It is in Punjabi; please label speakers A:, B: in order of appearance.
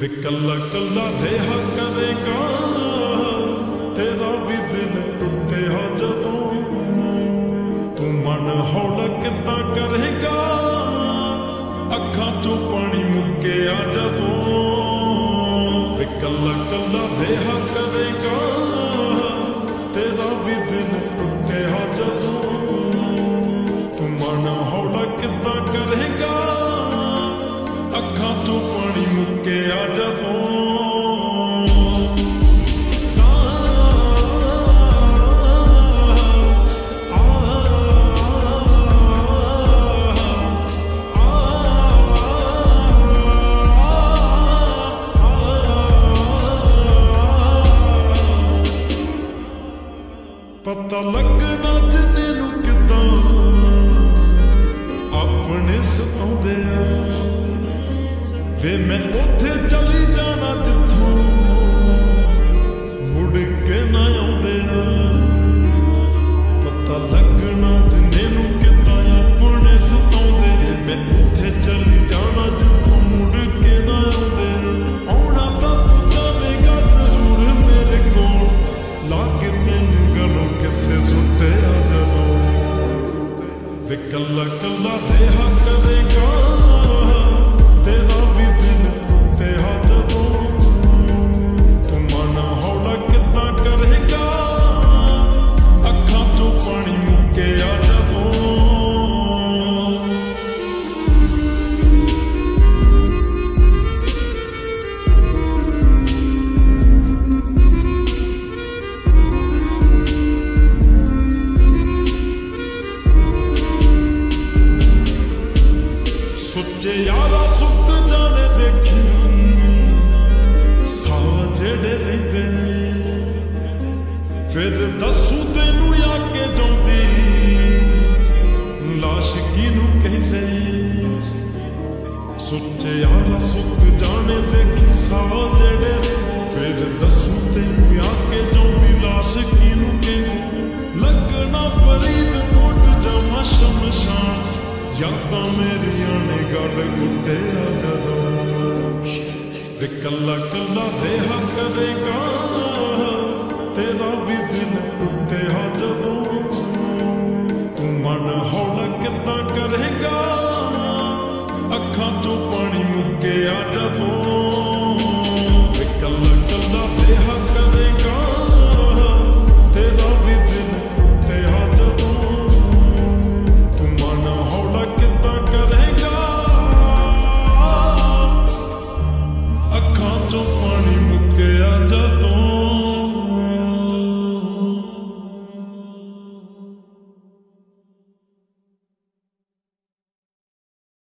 A: ਵੇ ਕੱਲਾ ਕੱਲਾ ਰਿਹਾ ਕਰੇਗਾ ਤੇਰਾ ਵੀ ਦਿਲ ਟੁੱਟਿਆ ਜਦੋਂ ਤੂੰ ਮਨ ਹੌਲਾ ਕਿੱਦਾਂ ਕਰੇਗਾ ਅੱਖਾਂ ਚੋਂ ਪਾਣੀ ਮੁੱਕੇ ਮੁੱਕਿਆ ਜਦੋਂ ਵੇ ਕੱਲਾ ਕੱਲਾ ਹੱਕ ਗਿਆ ਲੱਗਣਾ ਜਿੰਨੇ ਨੂੰ ਕਿਦਾਂ ਆਪਣੇ ਸਤਾਉਂਦੇ ਆ ਵੇ ਮੈਂ ਉੱਥੇ ਚਲੀ ਜਾਣਾ ਜਿੱਥੋਂ ਮੁੜ ਕੇ ਨਾ ਆਉਂਦੇ ਆ ਪਤਾ ਲੱਗਣਾ ਜਿੰਨੇ ਨੂੰ ਕਿਤਾ ਆਪਣੇ ਸਤਾਉਂਦੇ ਮੈਂ ਉੱਥੇ ਚਲੀ ਜਾਣਾ ਜਿੱਥੋਂ ਮੁੜ ਕੇ ਨਾ ਆਉਂਦੇ ਆਉਣਾ ਤਾਂ ਤੂੰ ਜਾਵੇਂਗਾ ਜ਼ਰੂਰ ਮੇਰੇ ਕੋਲ ਲਾਗੇ ਤੈਨੂੰ ਗਲੋਂ ਕਿਸੇ ਸੁੱਟਿਆ ਜਦੋਂ ਵੇ ਕੱਲਾ ਕੱਲਾ ਰਿਹਾ ਕਰੇਗਾ ਜੇ ਯਾਰਾ ਸੁੱਕ ਜਾਣੇ ਦੇਖੀ ਸਾਹ ਜਿਹੜੇ ਰਹਿੰਦੇ ਫਿਰ ਦੱਸੂ ਤੈਨੂੰ ਆ ਕੇ ਜਾਂਦੀ ਲਾਸ਼ ਕਿਨੂੰ ਕਹਿੰਦੇ ਸੁੱਚੇ ਯਾਰਾ ਸੁੱਕ ਜਾਣੇ ਦੇਖੀ ਸਾਹ ਜਿਹੜੇ ਫਿਰ ਦੱਸੂ ਤੈਨੂੰ ਆ ਕੇ ਜਾਂਦੀ ਲਾਸ਼ ਗੜ ਗੁੱਟਿਆ ਜਦੋਂ ਤੇ ਕੱਲਾ ਕੱਲਾ ਦੇਹਾ ਕਰੇਗਾ ਤੇਰਾ ਵੀ ਦਿਨ ਟੁੱਟਿਆ ਜਦੋਂ ਤੂੰ ਮਨ ਹੌਲਾ ਕਿੱਦਾਂ ਕਰੇਗਾ ਅੱਖਾਂ ਤੋਂ ਪਾਣੀ ਮੁੱਕਿਆ ਜਦੋਂ